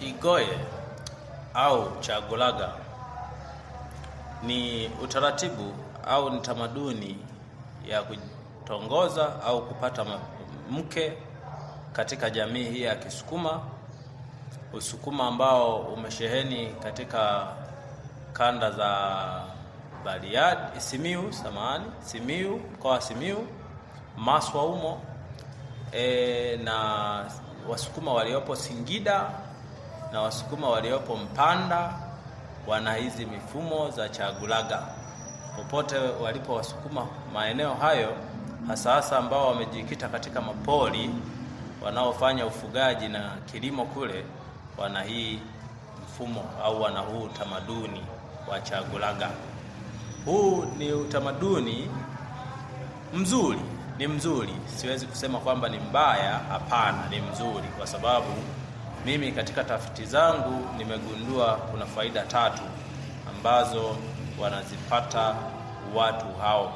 igoye au chagolaga ni utaratibu au ni tamaduni ya kutongoza au kupata mke katika jamii hii ya Kisukuma, Usukuma ambao umesheheni katika kanda za Bariadi, Simiu, samahani, Simiu, mkoa wa Simiu, Maswa umo e, na Wasukuma waliopo Singida na Wasukuma waliopo Mpanda wana hizi mifumo za chagulaga. Popote walipo Wasukuma maeneo hayo, hasa hasa ambao wamejikita katika mapori, wanaofanya ufugaji na kilimo kule, wana hii mfumo au wana huu utamaduni wa chagulaga. Huu ni utamaduni mzuri, ni mzuri, siwezi kusema kwamba ni mbaya. Hapana, ni mzuri kwa sababu mimi katika tafiti zangu nimegundua kuna faida tatu ambazo wanazipata watu hao.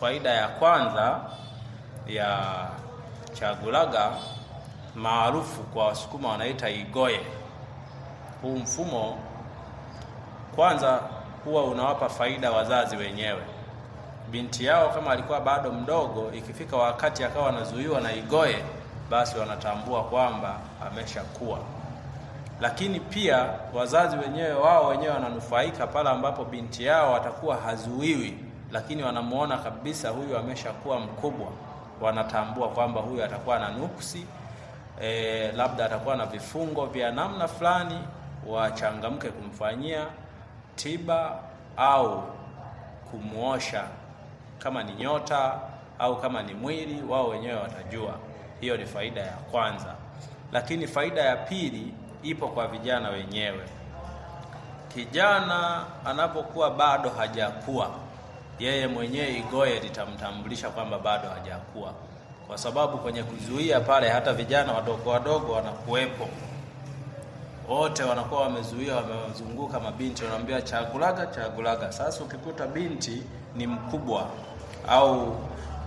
Faida ya kwanza ya chagulaga maarufu kwa Wasukuma wanaita igoye. Huu mfumo kwanza huwa unawapa faida wazazi wenyewe. Binti yao kama alikuwa bado mdogo, ikifika wakati akawa anazuiwa na igoye basi wanatambua kwamba ameshakuwa. Lakini pia wazazi wenyewe wao wenyewe wananufaika pale ambapo binti yao watakuwa hazuiwi, lakini wanamuona kabisa huyu ameshakuwa mkubwa, wanatambua kwamba huyu atakuwa na nuksi e, labda atakuwa na vifungo vya namna fulani, wachangamke kumfanyia tiba au kumuosha, kama ni nyota au kama ni mwili, wao wenyewe watajua. Hiyo ni faida ya kwanza, lakini faida ya pili ipo kwa vijana wenyewe. Kijana anapokuwa bado hajakuwa, yeye mwenyewe igoe litamtambulisha kwamba bado hajakuwa, kwa sababu kwenye kuzuia pale hata vijana wadogo wadogo wanakuwepo wote wanakuwa wamezuia, wamezunguka mabinti, wanaambia chagulaga chagulaga. Sasa ukikuta binti ni mkubwa au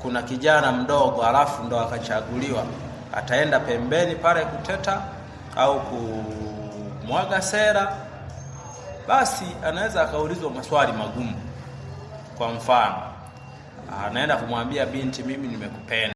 kuna kijana mdogo halafu ndo akachaguliwa ataenda pembeni pale kuteta au kumwaga sera, basi anaweza akaulizwa maswali magumu. Kwa mfano, anaenda kumwambia binti, mimi nimekupenda